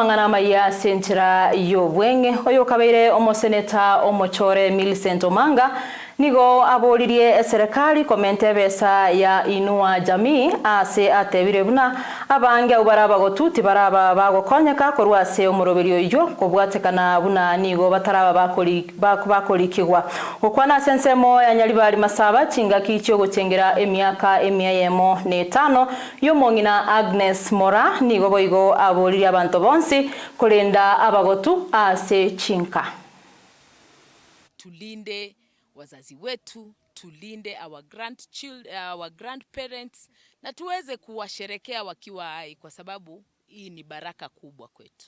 amang'ana ya senchira yobweng'e oyo kabaire omoseneta omochore Millicent Omanga nigo aboririe serikali komente besa ya inua jamii ase atebire buna abange abo bara abagotuti bara bagokonyeka korwa ase omorobirio oiywo kobwatekana buna nigo bataraba bakorikiwa gokwana ase ensemo yanyaribari masaba chingaki chiogochengera emiaka emiayemo na etano yomong'ina agnes mora nigo boigo aborire abanto bonsi korenda abagotu ase chinka tulinde wazazi wetu tulinde our grandchildren, our grandparents na tuweze kuwasherekea wakiwa hai, kwa sababu hii ni baraka kubwa kwetu.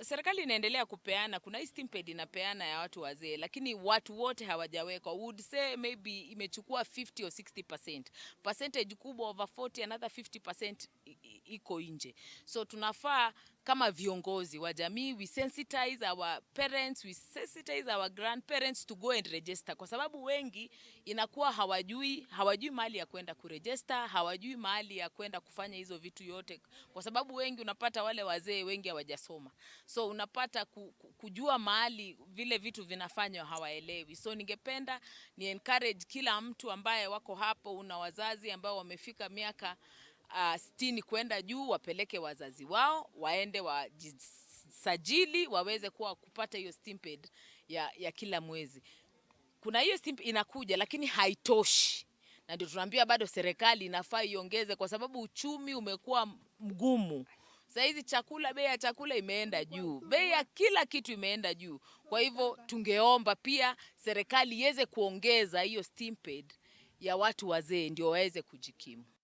Serikali inaendelea kupeana, kuna hii stimped inapeana ya watu wazee, lakini watu wote hawajawekwa. Would say maybe imechukua 50 or 60 percentage kubwa over 40, another 50 iko nje. So tunafaa kama viongozi wa jamii we sensitize our parents, we sensitize our grandparents to go and register, kwa sababu wengi inakuwa hawajui, hawajui mahali ya kwenda kuregister, hawajui mahali ya kwenda kufanya hizo vitu yote, kwa sababu wengi unapata wale wazee wengi hawajasoma, so unapata ku, ku, kujua mahali vile vitu vinafanywa hawaelewi. So ningependa ni encourage kila mtu ambaye wako hapo, una wazazi ambao wamefika miaka uh, sitini kwenda juu wapeleke wazazi wao waende wajisajili waweze kuwa kupata hiyo stipend ya, ya kila mwezi. Kuna hiyo stipend inakuja, lakini haitoshi, na ndio tunaambia bado serikali inafaa iongeze, kwa sababu uchumi umekuwa mgumu. Sahizi chakula, bei ya chakula imeenda juu, bei ya kila kitu imeenda juu. Kwa hivyo tungeomba pia serikali iweze kuongeza hiyo stipend ya watu wazee ndio waweze kujikimu.